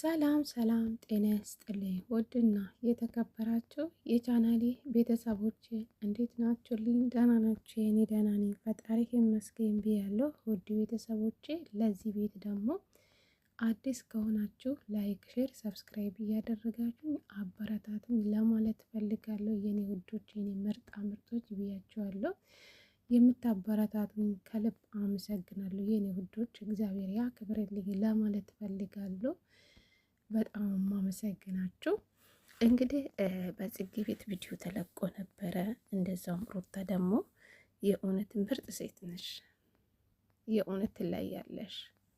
ሰላም ሰላም፣ ጤና ይስጥልኝ ውድና የተከበራችሁ የቻናሌ ቤተሰቦች እንዴት ናችሁልኝ? ደህና ናችሁ? የኔ ደህና ነኝ ፈጣሪ ይመስገን ብያለሁ። ውድ ቤተሰቦች ለዚህ ቤት ደግሞ አዲስ ከሆናችሁ ላይክ፣ ሼር፣ ሰብስክራይብ እያደረጋችሁኝ አበረታቱኝ ለማለት ፈልጋለሁ። የኔ ውዶች፣ የኔ ምርጣ ምርጦች ብያችኋለሁ። የምታበረታቱኝ ከልብ አመሰግናለሁ የኔ ውዶች፣ እግዚአብሔር ያክብርልኝ ለማለት ፈልጋለሁ። በጣም ማመሰግናችሁ። እንግዲህ በጽጌ ቤት ቪዲዮ ተለቆ ነበረ። እንደዛውም ሩታ ደግሞ የእውነት ምርጥ ሴት ነሽ፣ የእውነት ትለያለሽ።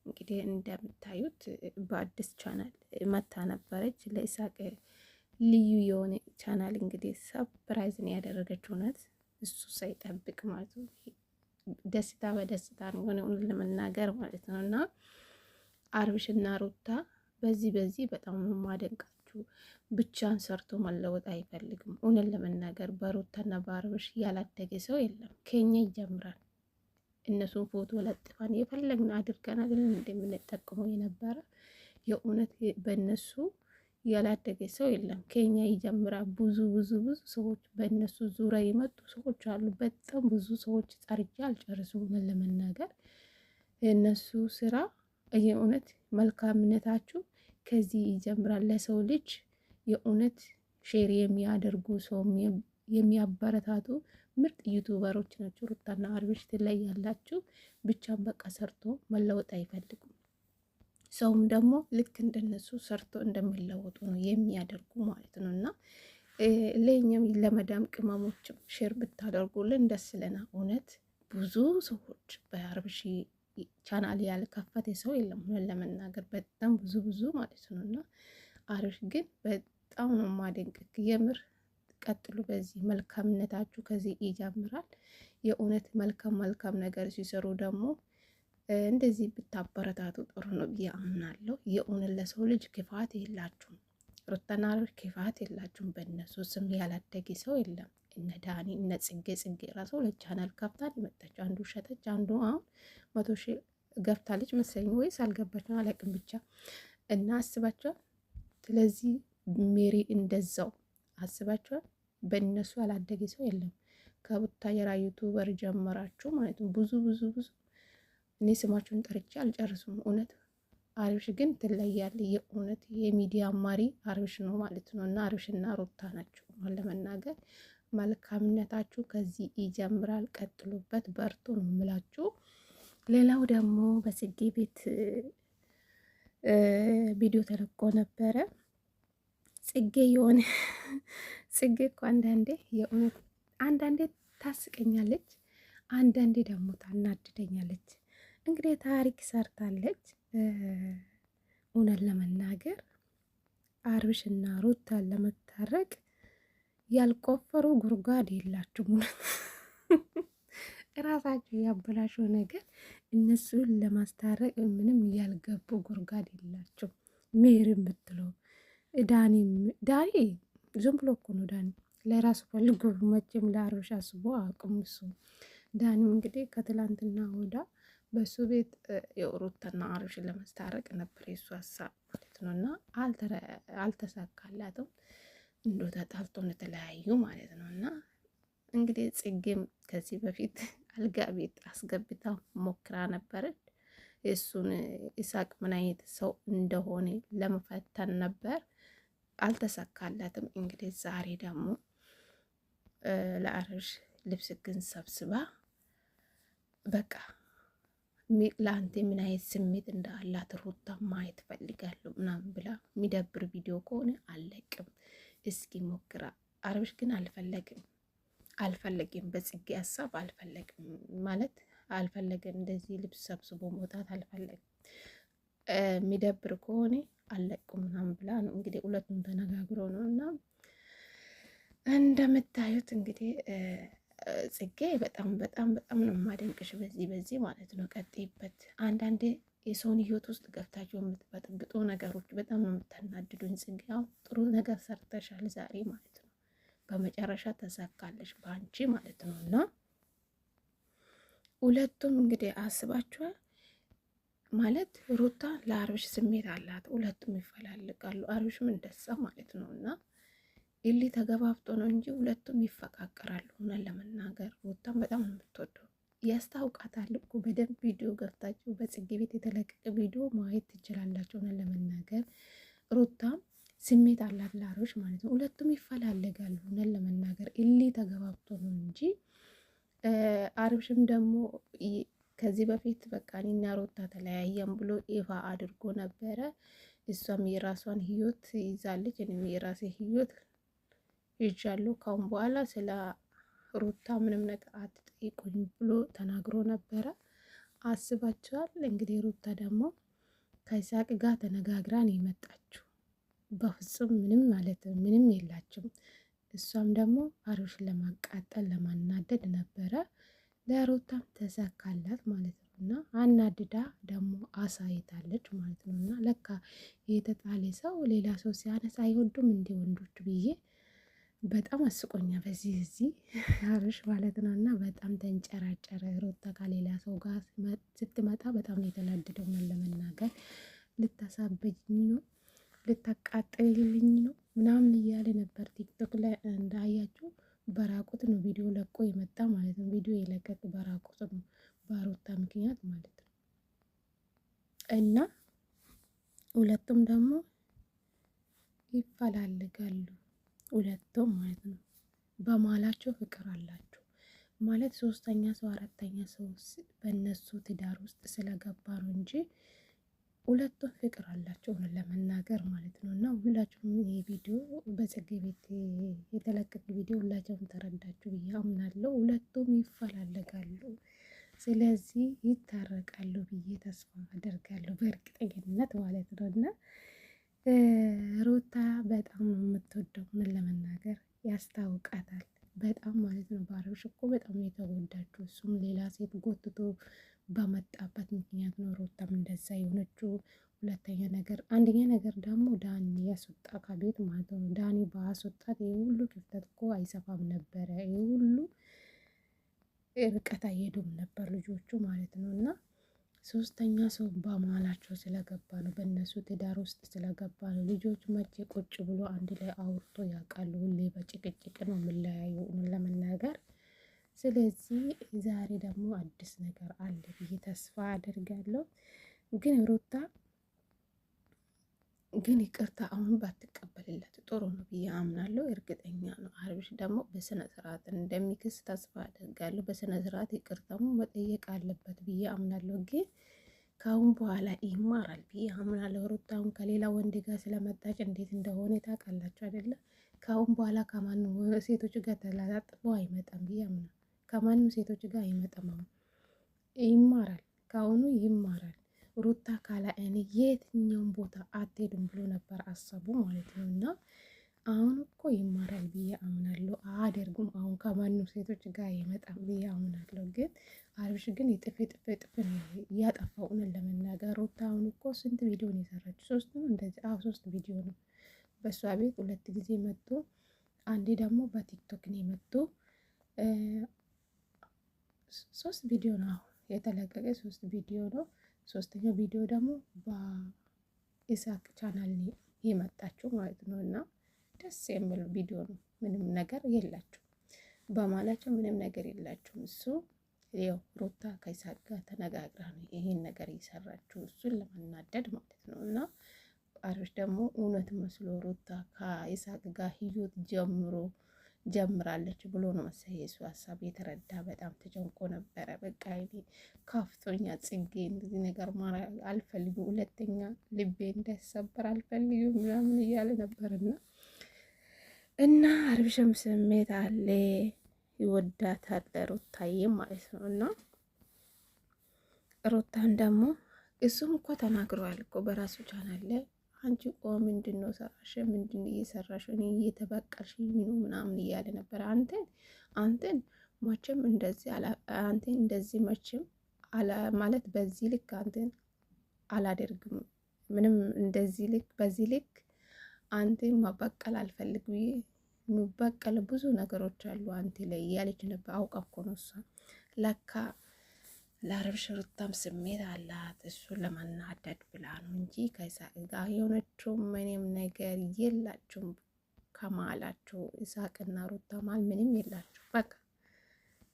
እንግዲህ እንደምታዩት በአዲስ ቻናል መታ ነበረች ለኢሳቅ ልዩ የሆነ ቻናል እንግዲህ ሰፕራይዝን ያደረገች እውነት እሱ ሳይጠብቅ ማለት ነው። ደስታ በደስታ ነው ሆነ ለመናገር ማለት ነው። እና አብርሽና ሩታ በዚህ በዚህ በጣም ማደንቃችሁ። ብቻን ሰርቶ መለወጥ አይፈልግም። እውነት ለመናገር በሩታና በአብርሽ ያላደገ ሰው የለም። ከኛ ይጀምራል። እነሱን ፎቶ ለጥፋን የፈለግን አድርገን አይደል እንደምንጠቅመው የነበረ የእውነት በእነሱ ያላደገ ሰው የለም። ከኛ ይጀምራል። ብዙ ብዙ ብዙ ሰዎች በእነሱ ዙሪያ የመጡ ሰዎች አሉ። በጣም ብዙ ሰዎች ጠርጃ አልጨርሱም። ምን ለመናገር የእነሱ ስራ የእውነት መልካምነታችሁ ከዚህ ይጀምራል። ለሰው ልጅ የእውነት ሼር የሚያደርጉ ሰው የሚያበረታቱ ምርጥ ዩቱበሮች ናቸው። ሩታና አብርሽ ላይ ያላችሁ ብቻን በቃ ሰርቶ መለወጥ አይፈልጉም። ሰውም ደግሞ ልክ እንደነሱ ሰርቶ እንደሚለወጡ ነው የሚያደርጉ ማለት ነው። እና ለእኛም ለመዳም ቅመሞችም ሼር ብታደርጉልን ደስ ለና። እውነት ብዙ ሰዎች በአርብሺ ቻናል ያልከፈተ ሰው የለም ለመናገር በጣም ብዙ ብዙ ማለት ነው። እና አርብሽ ግን በጣም ነው ማደንቅክ የምር ቀጥሉ በዚህ መልካምነታችሁ ከዚህ ይጀምራል። የእውነት መልካም መልካም ነገር ሲሰሩ ደግሞ እንደዚህ ብታበረታቱ ጥሩ ነው ብዬ አምናለሁ። የእውነት ለሰው ልጅ ክፋት የላችሁም። ሩተናሮች ክፋት የላችሁም። በእነሱ ስም ያላደገ ሰው የለም። እነ ዳኒ እነ ጽጌ ጽጌ ራሱ ለቻናል ከፍታል መጣች። አንዱ ሸጠች፣ አንዱ አሁን መቶ ሺ ገብታለች መሰለኝ ወይስ አልገባችም አላቅም። ብቻ እና አስባቸዋል። ስለዚህ ሜሪ እንደዛው አስባቸዋል። በእነሱ ያላደገ ሰው የለም። ከቡታ የራ ዩቱበር ጀመራችሁ ማለት ነው ብዙ ብዙ ብዙ እኔ ስማቸውን ጠርቼ አልጨርሱም። እውነት አብርሽ ግን ትለያለ የእውነት የሚዲያ ማሪ አብርሽ ነው ማለት ነው። እና አብርሽና ሩታ ናቸው ለመናገር መልካምነታችሁ ከዚህ ይጀምራል። ቀጥሉበት፣ በርቱ ነው ምላችሁ ሌላው ደግሞ በጽጌ ቤት ቪዲዮ ተለቆ ነበረ። ጽጌ የሆነ ጽጌ እኮ አንዳንዴ የእውነት አንዳንዴ ታስቀኛለች፣ አንዳንዴ ደግሞ ታናድደኛለች። እንግዲህ ታሪክ ሰርታለች። እውነት ለመናገር አብርሽ እና ሩታን ለመታረቅ ያልቆፈሩ ጉድጓድ የላችሁም። እራሳቸው ያበላሸው ነገር እነሱን ለማስታረቅ ምንም ያልገቡ ጉድጓድ የላቸው። ሜሪ የምትለው ዳኒ ዳኒ ዝም ብሎ እኮ ነው። ዳኒ ለራሱ ፈልጎ መቼም ለአብርሽ አስቦ አቅሙ እሱ ዳኒም እንግዲህ ከትላንትና ወዳ በሱ ቤት የሩታና አብርሽን ለመስታረቅ ነበር የሱ ሀሳብ ማለት ነው። እና አልተሳካላትም እንዶ ተጣልቶ እንደተለያዩ ማለት ነው። እና እንግዲህ ጽጌም ከዚህ በፊት አልጋ ቤት አስገብታ ሞክራ ነበረች። የእሱን ኢሳቅ ምን አይነት ሰው እንደሆነ ለመፈተን ነበር፣ አልተሳካላትም። እንግዲህ ዛሬ ደግሞ ለአብርሽ ልብስ ግን ሰብስባ በቃ ለአንተ ምን አይነት ስሜት እንዳላት ሩታ ማየት ፈልጋለሁ ምናምን ብላ የሚደብር ቪዲዮ ከሆነ አለቅም። እስኪ ሞክራ። አርብሽ ግን አልፈለግም አልፈለግም በጽጌ ሀሳብ አልፈለግም ማለት አልፈለግም። እንደዚህ ልብስ ሰብስቦ መውጣት አልፈለግም። የሚደብር ከሆነ አለቅም ምናምን ብላ ነው እንግዲህ ሁለቱም ተነጋግሮ ነው እና እንደምታዩት እንግዲህ ጽጌ በጣም በጣም በጣም ነው የማደንቅሽ። በዚህ በዚህ ማለት ነው ቀጤበት። አንዳንዴ የሰውን ህይወት ውስጥ ገብታችሁ የምትበጥብጡ ነገሮች በጣም ነው የምታናድዱኝ። ጽጌ ያው ጥሩ ነገር ሰርተሻል ዛሬ ማለት ነው። በመጨረሻ ተሳካለሽ በአንቺ ማለት ነው። እና ሁለቱም እንግዲህ አስባችኋል ማለት ሩታ ለአብርሽ ስሜት አላት። ሁለቱም ይፈላልቃሉ። አብርሽም እንደዛ ማለት ነው እና ኢሊ ተገባብጦ ነው እንጂ ሁለቱም ይፈቃቀራሉ። ሆነን ለመናገር ሩታም በጣም ነው የምትወደው ያስታውቃታል እኮ በደንብ ቪዲዮ ገብታችሁ በጽጌ ቤት የተለቀቀ ቪዲዮ ማየት ትችላላችሁ። ሆነን ለመናገር ሩታም ስሜት አላት ላሮች ማለት ነው። ሁለቱም ይፈላለጋሉ። ሆነን ለመናገር ኢሊ ተገባብጦ ነው እንጂ አብርሽም ደግሞ ከዚህ በፊት በቃ እኔና ሩታ ተለያየን ብሎ ይፋ አድርጎ ነበረ። እሷም የራሷን ህይወት ይዛለች፣ እኔም የራሴ ህይወት ይዣለሁ ካሁን በኋላ ስለ ሩታ ምንም ነገር አትጠይቁኝ ብሎ ተናግሮ ነበረ። አስባችኋል እንግዲህ ሩታ ደግሞ ከይሳቅ ጋር ተነጋግራን የመጣችው በፍጹም ምንም ማለት ምንም የላችም። እሷም ደግሞ አብርሽ ለማቃጠል ለማናደድ ነበረ። ለሩታም ተሳካላት ማለት ነው። እና አናድዳ ደግሞ አሳይታለች ማለት ነው። እና ለካ የተጣለ ሰው ሌላ ሰው ሲያነሳ አይወዱም እንደ ወንዶች ብዬ በጣም አስቆኛ በዚህ እዚህ አብርሽ ማለት ነው። እና በጣም ተንጨራጨረ። ሩታ ከሌላ ሰው ጋር ስትመጣ በጣም ነው የተናደደው። ነው ለመናገር ልታሳበኝ ነው፣ ልታቃጥልልኝ ነው ምናምን እያለ ነበር። ቲክቶክ ላይ እንዳያችሁ በራቁት ነው ቪዲዮ ለቆ የመጣ ማለት ነው። ቪዲዮ የለቀቅ በራቁት ነው በሩታ ምክንያት ማለት ነው። እና ሁለቱም ደግሞ ይፈላልጋሉ ሁለቱም ማለት ነው። በማላቸው ፍቅር አላቸው ማለት ሶስተኛ ሰው አራተኛ ሰው በእነሱ ትዳር ውስጥ ስለገባ ነው እንጂ ሁለቱም ፍቅር አላቸው ለመናገር ማለት ነው። እና ሁላችሁም ይሄ ቪዲዮ በጽጌ ቤት የተለቀቀ ቪዲዮ ሁላችሁም ተረዳችሁ ብዬ አምናለሁ። ሁለቱም ይፈላለጋሉ፣ ስለዚህ ይታረቃሉ ብዬ ተስፋ አደርጋለሁ በእርግጠኝነት ማለት ነው እና ሩታ በጣም ነው የምትወደው። ምን ለመናገር ያስታውቃታል በጣም ማለት ነው። በአብርሽ እኮ በጣም ነው እሱም ሌላ ሴት ጎትቶ በመጣበት ምክንያት ነው ሩታም እንደዛ የሆነችው። ሁለተኛ ነገር አንደኛ ነገር ደግሞ ዳኒ ያስወጣ ከቤት ማለት ነው። ዳኒ በአስወጣት ይህ ሁሉ ክፍተት እኮ አይሰፋም ነበረ። ይህ ሁሉ ርቀት አይሄዱም ነበር ልጆቹ ማለት ነው እና ሶስተኛ ሰው በመሀላቸው ስለገባ ነው። በእነሱ ትዳር ውስጥ ስለገባ ነው። ልጆች መቼ ቁጭ ብሎ አንድ ላይ አውርቶ ያውቃሉ? ሁሌ በጭቅጭቅ ነው የምለያዩ ለመናገር። ስለዚህ ዛሬ ደግሞ አዲስ ነገር አለ ብዬ ተስፋ አደርጋለሁ። ግን ሩታ ግን ይቅርታ አሁን ባትቀበልል ጥሩ ነው ብዬ አምናለሁ። እርግጠኛ ነው አብርሽ ደግሞ በስነ ስርዓት እንደሚክስ ተስፋ አደርጋለሁ። በስነ ስርዓት ይቅርታሙ መጠየቅ አለበት ብዬ አምናለሁ። ግን ከአሁን በኋላ ይማራል ብዬ አምናለሁ። ሩታሁን ከሌላ ወንድ ጋር ስለመጣች እንዴት እንደሆነ ታውቃላችሁ አይደለም? ከአሁን በኋላ ከማንም ሴቶች ጋር ተላላጥፎ አይመጣም ብዬ አምናለሁ። ከማንም ሴቶች ጋር አይመጣም። አሁን ይማራል፣ ከአሁኑ ይማራል። ሩታ ካላ እኔ የትኛውን ቦታ አትሄድም ብሎ ነበር አሰቡ ማለት ነው። እና አሁን እኮ ይማራል ብዬ አምናለሁ። አያደርጉም አሁን ከማንም ሴቶች ጋር ይመጣም ብዬ አምናለሁ። ግን አብርሽ ግን የጥፍ ጥፍ ጥፍ ነው እያጠፋው እውነት ለመናገር ሩታ አሁን እኮ ስንት ቪዲዮ ነው የሰራችው? ሶስት ነው እንደዚህ አሁ ሶስት ቪዲዮ ነው በእሷ ቤት ሁለት ጊዜ መጥቶ አንዴ ደግሞ በቲክቶክ ነው የመጡ ሶስት ቪዲዮ ነው የተለቀቀ ሶስት ቪዲዮ ነው። ሶስተኛው ቪዲዮ ደግሞ በኢሳክ ቻናል የመጣችሁ ማለት ነው እና ደስ የሚል ቪዲዮ ነው። ምንም ነገር የላችሁ በማላቸው ምንም ነገር የላችሁም። እሱ ያው ሩታ ከኢሳቅ ጋር ተነጋግራ ነው ይሄን ነገር እየሰራችሁ እሱን ለመናደድ ማለት ነው እና አብርሽ ደግሞ እውነት መስሎ ሩታ ከኢሳቅ ጋር ህይወት ጀምሮ ጀምራለች ብሎ ነው መሰለኝ የሱ ሀሳብ የተረዳ። በጣም ተጨንቆ ነበረ። በቃ እኔ ካፍቶኛ ጽጌ እንደዚህ ነገር ማራ አልፈልግም፣ ሁለተኛ ልቤ እንዳይሰበር አልፈልግም ምናምን እያለ ነበርና እና አርብሽም ስሜት አለ ይወዳታል ሩታዬ ማለት ነው እና ሩታን ደግሞ እሱም እኮ ተናግረዋል እኮ በራሱ ቻናል ላይ አንቺ ቆ ምንድን ነው ሰራሽ? ምንድን እየሰራሽ እኔ እየተበቀልሽ ነው ምናምን እያለ ነበር። አንተን አንተን መቼም እንደዚህ አንተን እንደዚህ መቼም ማለት በዚህ ልክ አንተን አላደርግም ምንም እንደዚህ ልክ በዚህ ልክ አንተን መበቀል አልፈልግም። የሚበቀል ብዙ ነገሮች አሉ አንተ ላይ እያለች ነበር። አውቃ እኮ ነው እሷ ለካ ለአረብ ሽሩታም ስሜት አላት። እሱን ለማናደድ ብላ ነው እንጂ ከይሳቅ ጋር የሆነችው ምንም ነገር የላችሁም ከማላችሁ። ይሳቅና ሩታ ማል ምንም የላችሁ። በቃ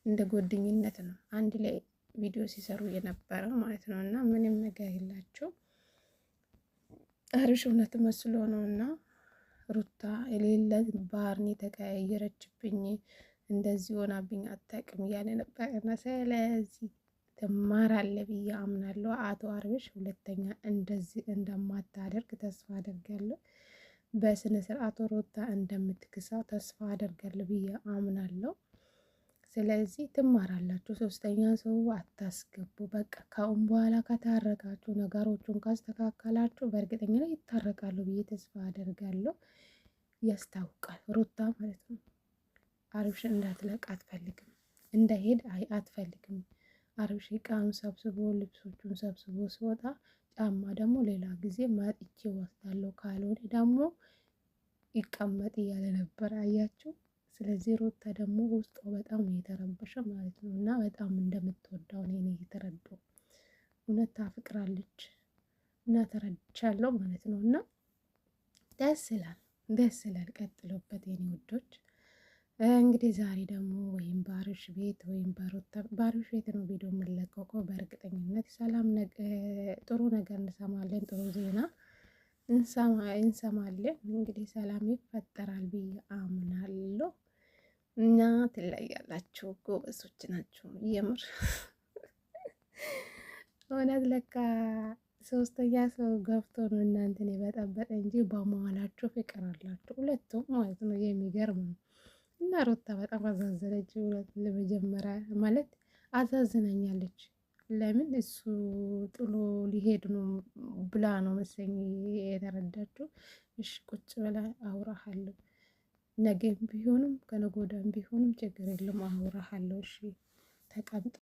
እንደ ጎድኝነት ነው አንድ ላይ ቪዲዮ ሲሰሩ የነበረ ማለት ነው። እና ምንም ነገር የላቸው አርሽ እውነት መስሎ ነው። እና ሩታ የሌለ ባህርኒ ተቀያየረችብኝ እንደዚህ ሆናብኝ አታውቅም እያለ ነበር እና ስለዚህ ትማራለህ ብዬ አምናለሁ። አቶ አርብሽ ሁለተኛ እንደዚህ እንደማታደርግ ተስፋ አደርጋለሁ። በስነ ስርዓት ሩታ እንደምትክሳው ተስፋ አደርጋለሁ ብዬ አምናለሁ። ስለዚህ ትማራላችሁ። ሶስተኛ ሰው አታስገቡ። በቃ ካሁን በኋላ ከታረቃችሁ ነገሮቹን ካስተካከላችሁ በእርግጠኛ ላይ ይታረቃሉ ብዬ ተስፋ አደርጋለሁ። ያስታውቃል ሩታ ማለት ነው። አርብሽ እንዳትለቅ አትፈልግም፣ እንዳይሄድ አይ አትፈልግም። አርብሽ እቃውን ሰብስቦ ልብሶቹን ሰብስቦ ሲወጣ፣ ጫማ ደግሞ ሌላ ጊዜ መጥቼ ወስዳለሁ ካልሆነ ደግሞ ይቀመጥ እያለ ነበር። አያችሁ። ስለዚህ ሩታ ደግሞ ውስጧ በጣም የተረበሸ ማለት ነው እና በጣም እንደምትወዳው ነው የተረዳው። እውነት ታፍቅራለች እና ተረድቻለሁ ማለት ነው እና ደስ ይላል፣ ደስ ይላል። ቀጥሎበት የኔ ውዶች። እንግዲህ ዛሬ ደግሞ ወይም ባርሽ ቤት ወይም ባርሽ ቤት ነው ቪዲዮ የምንለቀቀው። በእርግጠኝነት ሰላም ጥሩ ነገር እንሰማለን፣ ጥሩ ዜና እንሰማለን። እንግዲህ ሰላም ይፈጠራል ብዬ አምናለሁ እና ትለያላችሁ። ጎበሶች ናችሁ የምር እውነት ለካ ሶስተኛ ሰው ገብቶ ነው እናንተን የበጠበጠ እንጂ በመዋላችሁ ፍቅር አላችሁ ሁለቱም ማለት ነው። የሚገርም ነው። እና ሩታ በጣም አዛዘነች። ለመጀመሪያ ማለት አዛዝናኛለች። ለምን እሱ ጥሎ ሊሄድ ነው ብላ ነው መሰኝ የተረዳችው። እሺ ቁጭ ብላ አውራሃለሁ፣ ነገም ቢሆንም ከነጎዳም ቢሆንም ችግር የለም አውራሃለሁ። እሺ ተቀምጠ